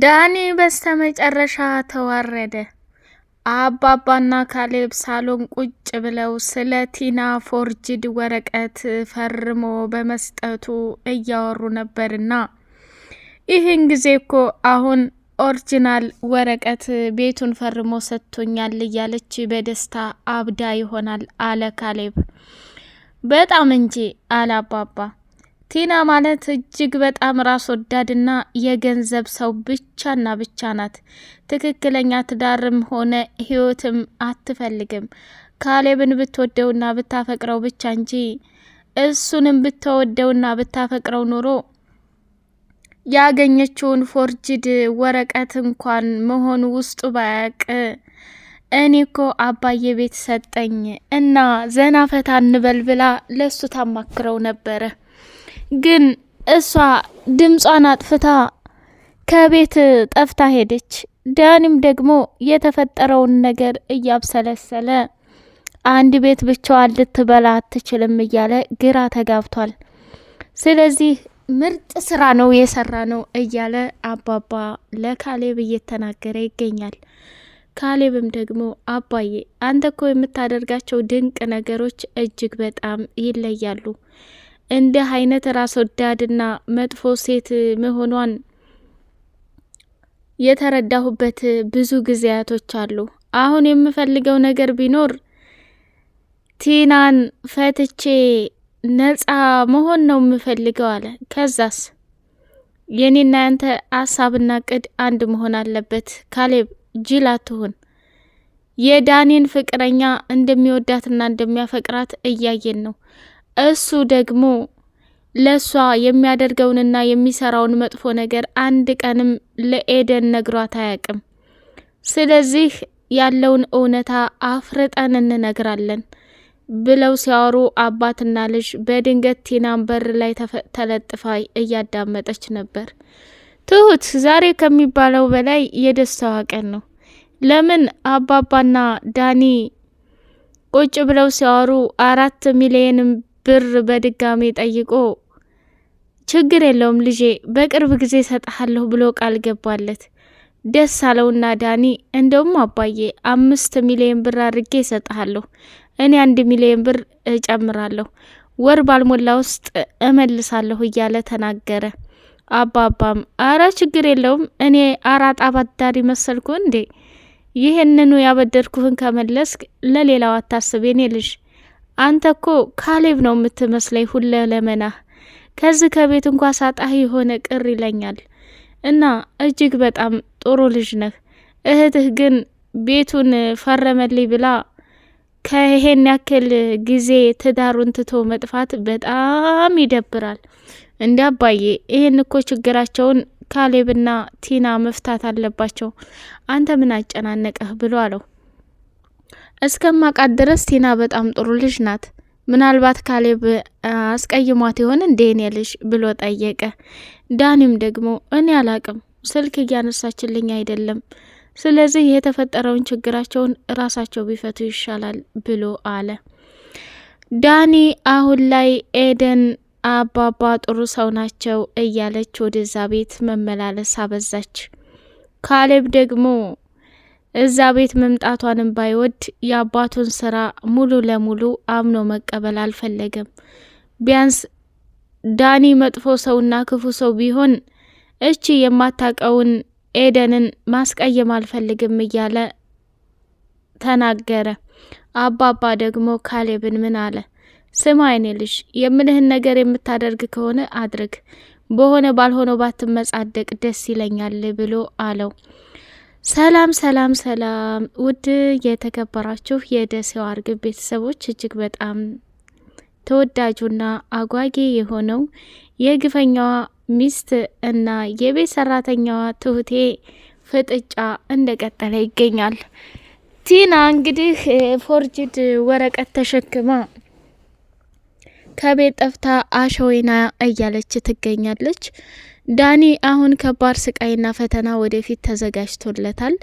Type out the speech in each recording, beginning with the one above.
ዳኒ በስተመጨረሻ ተዋረደ። አባባና ካሌብ ሳሎን ቁጭ ብለው ስለ ቲና ፎርጅድ ወረቀት ፈርሞ በመስጠቱ እያወሩ ነበርና ይህን ጊዜ እኮ አሁን ኦሪጂናል ወረቀት ቤቱን ፈርሞ ሰጥቶኛል እያለች በደስታ አብዳ ይሆናል አለ ካሌብ። በጣም እንጂ አለ አባባ። ቲና ማለት እጅግ በጣም ራስ ወዳድና የገንዘብ ሰው ብቻና ብቻ ናት። ትክክለኛ ትዳርም ሆነ ህይወትም አትፈልግም። ካሌብን ብትወደውና ብታፈቅረው ብቻ እንጂ እሱንም ብትወደውና ብታፈቅረው ኑሮ ያገኘችውን ፎርጅድ ወረቀት እንኳን መሆኑ ውስጡ ባያቅ እኔ እኮ አባዬ ቤት ሰጠኝ እና ዘና ፈታ እንበል ብላ ለእሱ ታማክረው ነበረ። ግን እሷ ድምጿን አጥፍታ ከቤት ጠፍታ ሄደች። ዳኒም ደግሞ የተፈጠረውን ነገር እያብሰለሰለ አንድ ቤት ብቻዋን ልትበላ አትችልም እያለ ግራ ተጋብቷል። ስለዚህ ምርጥ ስራ ነው የሰራ ነው እያለ አባባ ለካሌብ እየተናገረ ይገኛል። ካሌብም ደግሞ አባዬ አንተ እኮ የምታደርጋቸው ድንቅ ነገሮች እጅግ በጣም ይለያሉ እንዲህ አይነት ራስ ወዳድና መጥፎ ሴት መሆኗን የተረዳሁበት ብዙ ጊዜያቶች አሉ። አሁን የምፈልገው ነገር ቢኖር ቲናን ፈትቼ ነጻ መሆን ነው የምፈልገው አለ። ከዛስ የኔና ያንተ ሀሳብና ቅድ አንድ መሆን አለበት ካሌብ። ጅል አትሁን። የዳኔን ፍቅረኛ እንደሚወዳትና እንደሚያፈቅራት እያየን ነው። እሱ ደግሞ ለእሷ የሚያደርገውንና የሚሰራውን መጥፎ ነገር አንድ ቀንም ለኤደን ነግሯት አያውቅም። ስለዚህ ያለውን እውነታ አፍርጠን እንነግራለን ብለው ሲያወሩ አባትና ልጅ በድንገት ቲናን በር ላይ ተለጥፋ እያዳመጠች ነበር። ትሁት ዛሬ ከሚባለው በላይ የደስታዋ ቀን ነው። ለምን አባባና ዳኒ ቁጭ ብለው ሲያወሩ አራት ሚሊየንም ብር በድጋሜ ጠይቆ ችግር የለውም ልጄ በቅርብ ጊዜ ሰጥሃለሁ ብሎ ቃል ገባለት። ደስ አለውና ዳኒ እንደውም አባዬ አምስት ሚሊዮን ብር አድርጌ እሰጥሃለሁ፣ እኔ አንድ ሚሊዮን ብር እጨምራለሁ፣ ወር ባልሞላ ውስጥ እመልሳለሁ እያለ ተናገረ። አባባም አረ ችግር የለውም እኔ አራጣ አበዳሪ መሰልኩ እንዴ? ይህንኑ ያበደርኩህን ከመለስክ ለሌላው አታስብ የኔ ልጅ አንተ እኮ ካሌብ ነው የምትመስለኝ፣ ሁለ ለመናህ ከዚህ ከቤት እንኳ ሳጣህ የሆነ ቅር ይለኛል። እና እጅግ በጣም ጥሩ ልጅ ነህ። እህትህ ግን ቤቱን ፈረመልኝ ብላ ከይሄን ያክል ጊዜ ትዳሩን ትቶ መጥፋት በጣም ይደብራል። እንዲ አባዬ፣ ይህን እኮ ችግራቸውን ካሌብና ቲና መፍታት አለባቸው። አንተ ምን አጨናነቀህ ብሎ አለው። እስከማቃት ድረስ ቲና በጣም ጥሩ ልጅ ናት። ምናልባት ካሌብ አስቀይሟት ይሆን እንዴ ልጅ ብሎ ጠየቀ። ዳኒም ደግሞ እኔ አላቅም፣ ስልክ እያነሳችልኝ አይደለም። ስለዚህ የተፈጠረውን ችግራቸውን ራሳቸው ቢፈቱ ይሻላል ብሎ አለ። ዳኒ አሁን ላይ ኤደን አባባ ጥሩ ሰው ናቸው እያለች ወደዛ ቤት መመላለስ አበዛች። ካሌብ ደግሞ እዛ ቤት መምጣቷንም ባይወድ የአባቱን ስራ ሙሉ ለሙሉ አምኖ መቀበል አልፈለገም። ቢያንስ ዳኒ መጥፎ ሰውና ክፉ ሰው ቢሆን እቺ የማታቀውን ኤደንን ማስቀየም አልፈልግም እያለ ተናገረ። አባባ ደግሞ ካሌብን ምን አለ? ስማ አይኔ ልጅ የምልህን ነገር የምታደርግ ከሆነ አድርግ፣ በሆነ ባልሆነው ባትመጻደቅ ደስ ይለኛል ብሎ አለው። ሰላም ሰላም ሰላም ውድ የተከበራችሁ የደሴው አርግብ ቤተሰቦች እጅግ በጣም ተወዳጁና አጓጊ የሆነው የግፈኛዋ ሚስት እና የቤት ሰራተኛዋ ትሁቴ ፍጥጫ እንደቀጠለ ይገኛል። ቲና እንግዲህ ፎርጅድ ወረቀት ተሸክማ ከቤት ጠፍታ አሸወይና እያለች ትገኛለች። ዳኒ አሁን ከባድ ስቃይና ፈተና ወደፊት ተዘጋጅቶለታል።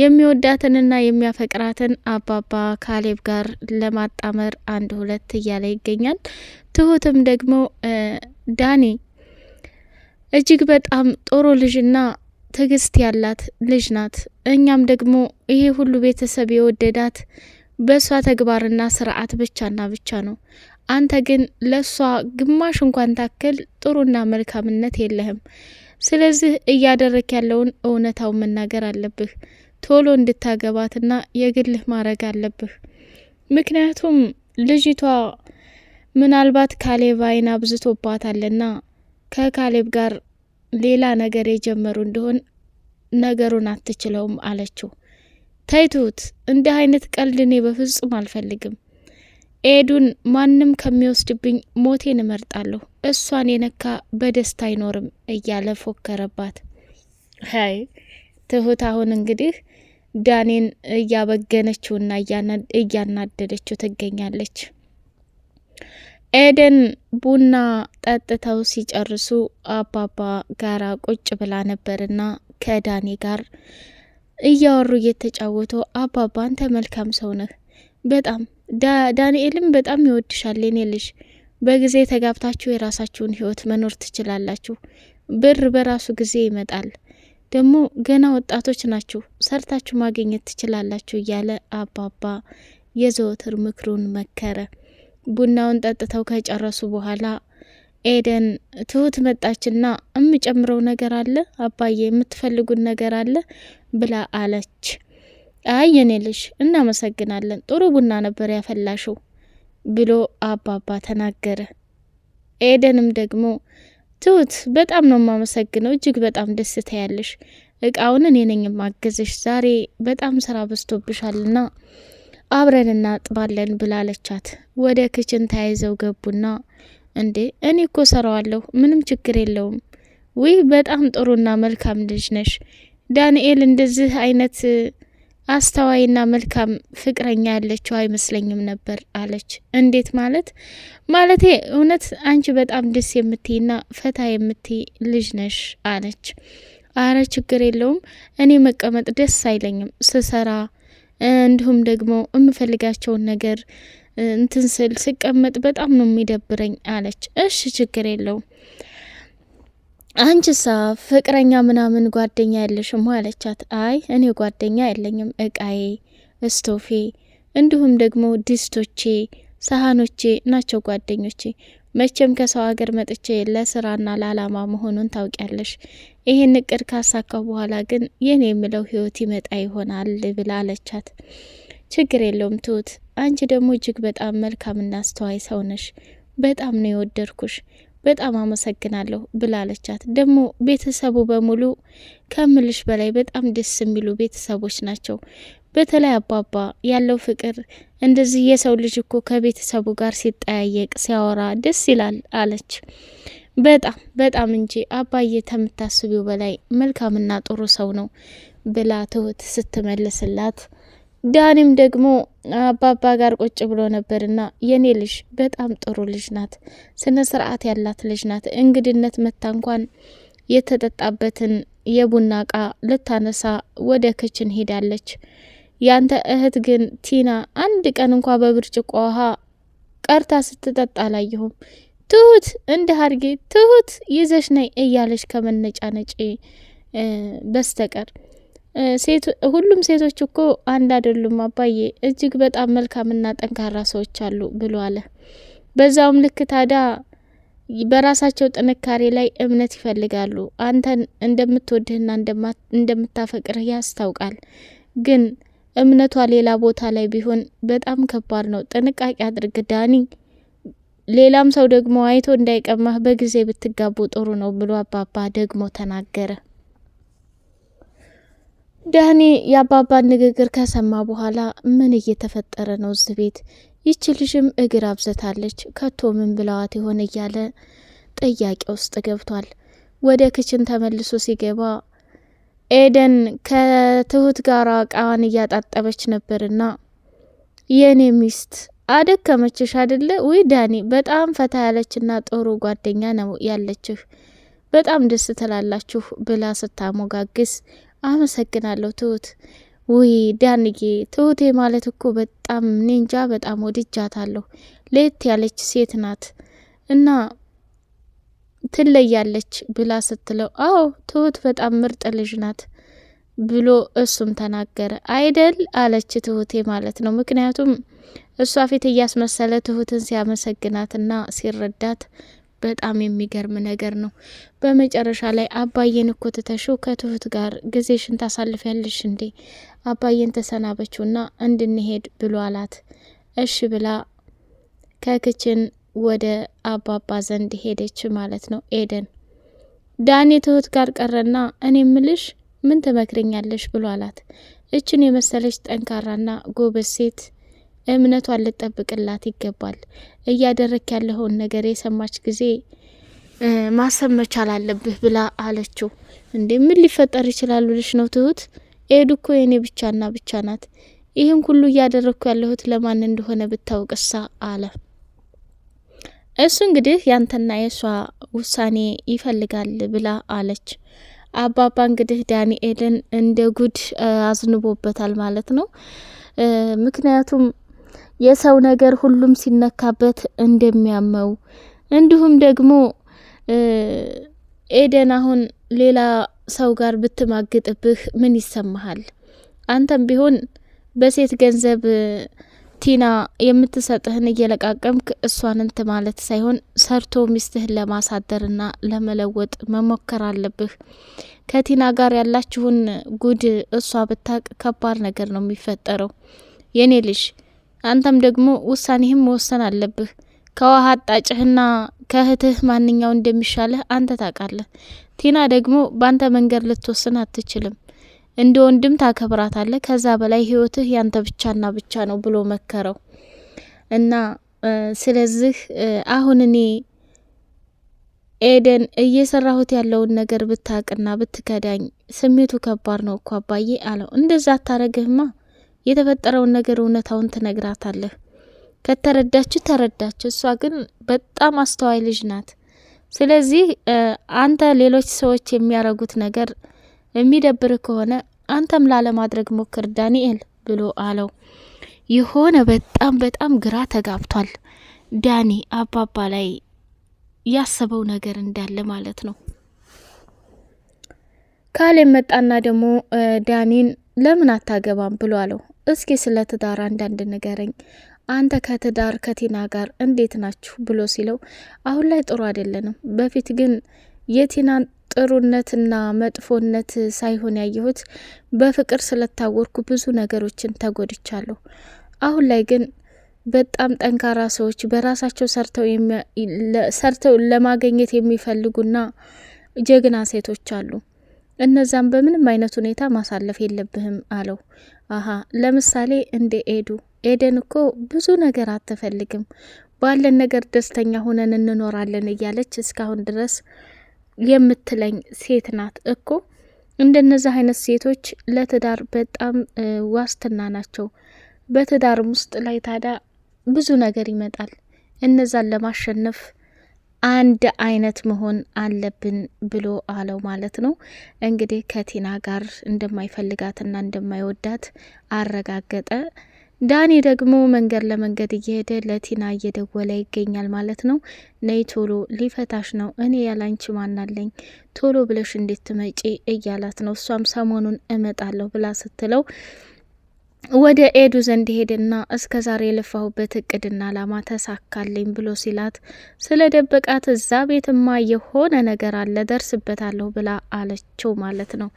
የሚወዳትንና የሚያፈቅራትን አባባ ካሌብ ጋር ለማጣመር አንድ ሁለት እያለ ይገኛል። ትሁትም ደግሞ ዳኒ እጅግ በጣም ጥሩ ልጅና ትዕግስት ያላት ልጅ ናት። እኛም ደግሞ ይሄ ሁሉ ቤተሰብ የወደዳት በእሷ ተግባርና ስርዓት ብቻና ብቻ ነው። አንተ ግን ለሷ ግማሽ እንኳን ታክል ጥሩና መልካምነት የለህም። ስለዚህ እያደረክ ያለውን እውነታው መናገር አለብህ። ቶሎ እንድታገባትና የግልህ ማድረግ አለብህ። ምክንያቱም ልጅቷ ምናልባት ካሌብ አይን አብዝቶባታልና ከካሌብ ጋር ሌላ ነገር የጀመሩ እንደሆን ነገሩን አትችለውም አለችው። ተይቱት፣ እንዲህ አይነት ቀልድ እኔ በፍጹም አልፈልግም። ኤዱን ማንም ከሚወስድብኝ ሞቴን እመርጣለሁ፣ እሷን የነካ በደስታ አይኖርም እያለ ፎከረባት። ሀይ ትሁት አሁን እንግዲህ ዳኔን እያበገነችውና እያናደደችው ትገኛለች። ኤደን ቡና ጠጥተው ሲጨርሱ አባባ ጋራ ቁጭ ብላ ነበርና ከዳኔ ጋር እያወሩ እየተጫወቱ አባባ አንተ መልካም ሰው ነህ በጣም ዳንኤልም በጣም ይወድሻል የኔ ልጅ። በጊዜ ተጋብታችሁ የራሳችሁን ህይወት መኖር ትችላላችሁ። ብር በራሱ ጊዜ ይመጣል። ደግሞ ገና ወጣቶች ናችሁ፣ ሰርታችሁ ማግኘት ትችላላችሁ እያለ አባባ የዘወትር ምክሩን መከረ። ቡናውን ጠጥተው ከጨረሱ በኋላ ኤደን ትሁት መጣችና የምጨምረው ነገር አለ አባዬ፣ የምትፈልጉን ነገር አለ ብላ አለች። አይ የኔ ልጅ እናመሰግናለን፣ ጥሩ ቡና ነበር ያፈላሽው ብሎ አባባ ተናገረ። ኤደንም ደግሞ ትሁት በጣም ነው የማመሰግነው፣ እጅግ በጣም ደስ ታያለሽ። እቃውን እኔ ነኝ የማገዝሽ፣ ዛሬ በጣም ስራ በዝቶብሻልና አብረን እናጥባለን ብላለቻት። ወደ ክችን ተያይዘው ገቡና እንዴ እኔ እኮ ሰራዋለሁ፣ ምንም ችግር የለውም። ውይ በጣም ጥሩና መልካም ልጅ ነሽ ዳንኤል፣ እንደዚህ አይነት አስተዋይና መልካም ፍቅረኛ ያለችው አይመስለኝም ነበር አለች። እንዴት ማለት? ማለቴ እውነት አንቺ በጣም ደስ የምትይና ፈታ የምትይ ልጅ ነሽ አለች። አረ ችግር የለውም እኔ መቀመጥ ደስ አይለኝም ስሰራ፣ እንዲሁም ደግሞ የምፈልጋቸውን ነገር እንትን ስል ስቀመጥ በጣም ነው የሚደብረኝ አለች። እሺ ችግር የለውም አንቺሳ ፍቅረኛ ምናምን ጓደኛ የለሽም አለቻት። አይ እኔ ጓደኛ የለኝም፣ እቃዬ፣ እስቶፌ እንዲሁም ደግሞ ድስቶቼ፣ ሳህኖቼ ናቸው ጓደኞቼ። መቼም ከሰው ሀገር መጥቼ ለስራና ለአላማ መሆኑን ታውቂያለሽ። ይሄን እቅድ ካሳካው በኋላ ግን የኔ የምለው ህይወት ይመጣ ይሆናል ብላ አለቻት። ችግር የለውም ትሁት፣ አንቺ ደግሞ እጅግ በጣም መልካምና አስተዋይ ሰው ነሽ። በጣም ነው የወደድኩሽ። በጣም አመሰግናለሁ ብላለቻት። ደግሞ ቤተሰቡ በሙሉ ከምልሽ በላይ በጣም ደስ የሚሉ ቤተሰቦች ናቸው። በተለይ አባባ ያለው ፍቅር እንደዚህ የሰው ልጅ እኮ ከቤተሰቡ ጋር ሲጠያየቅ ሲያወራ ደስ ይላል አለች። በጣም በጣም እንጂ አባዬ ከምታስቢው በላይ መልካምና ጥሩ ሰው ነው ብላ ትሁት ስትመልስላት ዳኒም ደግሞ አባባ ጋር ቁጭ ብሎ ነበርና የኔ ልጅ በጣም ጥሩ ልጅ ናት፣ ስነ ስርዓት ያላት ልጅ ናት። እንግድነት መታ እንኳን የተጠጣበትን የቡና እቃ ልታነሳ ወደ ክችን ሄዳለች። ያንተ እህት ግን ቲና አንድ ቀን እንኳ በብርጭቆ ውሃ ቀርታ ስትጠጣ አላየሁም። ትሁት እንደ ሀርጌ ትሁት ይዘሽ ነይ እያለች ከመነጫነጭ በስተቀር ሁሉም ሴቶች እኮ አንድ አይደሉም አባዬ፣ እጅግ በጣም መልካምና ጠንካራ ሰዎች አሉ ብሎ አለ። በዛውም ልክ ታዲያ በራሳቸው ጥንካሬ ላይ እምነት ይፈልጋሉ። አንተን እንደምትወድህና እንደምታፈቅርህ ያስታውቃል። ግን እምነቷ ሌላ ቦታ ላይ ቢሆን በጣም ከባድ ነው። ጥንቃቄ አድርግ ዳኒ። ሌላም ሰው ደግሞ አይቶ እንዳይቀማህ በጊዜ ብትጋቡ ጥሩ ነው ብሎ አባባ ደግሞ ተናገረ። ዳኒ የአባባን ንግግር ከሰማ በኋላ ምን እየተፈጠረ ነው እዚህ ቤት? ይቺ ልጅም እግር አብዘታለች ከቶ ምን ብለዋት የሆነ እያለ ጥያቄ ውስጥ ገብቷል። ወደ ክችን ተመልሶ ሲገባ ኤደን ከትሁት ጋር እቃዋን እያጣጠበች ነበርና የኔ ሚስት አደከመችሽ አደለ? ውይ ዳኒ በጣም ፈታ ያለችና ጥሩ ጓደኛ ነው ያለችህ፣ በጣም ደስ ትላላችሁ ብላ ስታሞጋግስ አመሰግናለሁ ትሁት። ውይ ዳንጌ፣ ትሁቴ ማለት እኮ በጣም ኔንጃ፣ በጣም ወድጃታለሁ። ለየት ያለች ሴት ናት እና ትለያለች ብላ ስትለው፣ አዎ ትሁት በጣም ምርጥ ልጅ ናት ብሎ እሱም ተናገረ። አይደል አለች ትሁቴ ማለት ነው። ምክንያቱም እሷ ፊት እያስመሰለ ትሁትን ሲያመሰግናትና ሲረዳት በጣም የሚገርም ነገር ነው። በመጨረሻ ላይ አባዬን እኮ ትተሽው ከትሁት ጋር ጊዜሽን ታሳልፊያለሽ እንዴ? አባዬን ተሰናበችውና እንድንሄድ ብሎ አላት። እሺ ብላ ከክችን ወደ አባባ ዘንድ ሄደች ማለት ነው ኤደን። ዳኒ ትሁት ጋር ቀረና እኔ ምልሽ ምን ትመክረኛለሽ ብሎ አላት። እችን የመሰለች ጠንካራና ጎበዝ ሴት እምነቷን ልጠብቅላት ይገባል። እያደረክ ያለውን ነገር የሰማች ጊዜ ማሰብ መቻል አለብህ ብላ አለችው። እንዴ ምን ሊፈጠር ይችላል ብልሽ ነው ትሁት? ኤዱ እኮ የእኔ ብቻና ብቻ ናት። ይህን ሁሉ እያደረግኩ ያለሁት ለማን እንደሆነ ብታውቅሳ አለ። እሱ እንግዲህ ያንተና የሷ ውሳኔ ይፈልጋል ብላ አለች። አባባ እንግዲህ ዳንኤልን እንደ ጉድ አዝንቦበታል ማለት ነው። ምክንያቱም የሰው ነገር ሁሉም ሲነካበት እንደሚያመው እንዲሁም ደግሞ ኤደን አሁን ሌላ ሰው ጋር ብትማግጥብህ ምን ይሰማሃል? አንተም ቢሆን በሴት ገንዘብ ቲና የምትሰጥህን እየለቃቀምክ እሷን እንት ማለት ሳይሆን ሰርቶ ሚስትህን ለማሳደርና ለመለወጥ መሞከር አለብህ። ከቲና ጋር ያላችሁን ጉድ እሷ ብታቅ ከባድ ነገር ነው የሚፈጠረው የኔ ልጅ አንተም ደግሞ ውሳኔህም መወሰን አለብህ። ከውሃ አጣጭህና ከእህትህ ማንኛው እንደሚሻልህ አንተ ታውቃለህ። ቲና ደግሞ በአንተ መንገድ ልትወስን አትችልም። እንደ ወንድም ታከብራታለህ። ከዛ በላይ ህይወትህ ያንተ ብቻና ብቻ ነው ብሎ መከረው እና ስለዚህ አሁን እኔ ኤደን እየሰራሁት ያለውን ነገር ብታቅና ብትከዳኝ ስሜቱ ከባድ ነው እኮ አባዬ አለው። እንደዛ አታረግህማ የተፈጠረውን ነገር እውነታውን ትነግራታለህ። ከተረዳችሁ ተረዳችሁ። እሷ ግን በጣም አስተዋይ ልጅ ናት። ስለዚህ አንተ ሌሎች ሰዎች የሚያረጉት ነገር የሚደብር ከሆነ አንተም ላለማድረግ ሞክር ዳንኤል ብሎ አለው። የሆነ በጣም በጣም ግራ ተጋብቷል ዳኒ አባባ ላይ ያሰበው ነገር እንዳለ ማለት ነው። ካሌብ መጣና ደግሞ ዳኒን ለምን አታገባም ብሎ አለው። እስኪ ስለ ትዳር አንዳንድ ንገረኝ፣ አንተ ከትዳር ከቲና ጋር እንዴት ናችሁ ብሎ ሲለው አሁን ላይ ጥሩ አይደለንም፣ በፊት ግን የቲና ጥሩነትና መጥፎነት ሳይሆን ያየሁት በፍቅር ስለታወርኩ ብዙ ነገሮችን ተጎድቻለሁ። አሁን ላይ ግን በጣም ጠንካራ ሰዎች በራሳቸው ሰርተው ለማገኘት የሚፈልጉና ጀግና ሴቶች አሉ። እነዛም በምንም አይነት ሁኔታ ማሳለፍ የለብህም አለው። አሀ ለምሳሌ እንደ ኤዱ ኤደን እኮ ብዙ ነገር አትፈልግም፣ ባለን ነገር ደስተኛ ሆነን እንኖራለን እያለች እስካሁን ድረስ የምትለኝ ሴት ናት እኮ። እንደነዚህ አይነት ሴቶች ለትዳር በጣም ዋስትና ናቸው። በትዳርም ውስጥ ላይ ታዲያ ብዙ ነገር ይመጣል። እነዛን ለማሸነፍ አንድ አይነት መሆን አለብን ብሎ አለው ማለት ነው። እንግዲህ ከቲና ጋር እንደማይፈልጋትና እንደማይወዳት አረጋገጠ። ዳኒ ደግሞ መንገድ ለመንገድ እየሄደ ለቲና እየደወለ ይገኛል ማለት ነው። ነይ ቶሎ ሊፈታሽ ነው፣ እኔ ያላንቺ ማናለኝ፣ ቶሎ ብለሽ እንዴት ትመጪ እያላት ነው። እሷም ሰሞኑን እመጣለሁ ብላ ስትለው ወደ ኤዱ ዘንድ ሄድና እስከ ዛሬ የለፋሁበት እቅድና ላማ ተሳካልኝ ብሎ ሲላት ስለ ደበቃት እዛ ቤትማ የሆነ ነገር አለ ደርስበታለሁ ብላ አለችው ማለት ነው።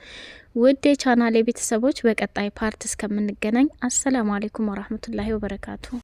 ውድ የቻናሌ ቤተሰቦች በቀጣይ ፓርት እስከምንገናኝ አሰላሙ አሌይኩም ወራህመቱላሂ ወበረካቱ።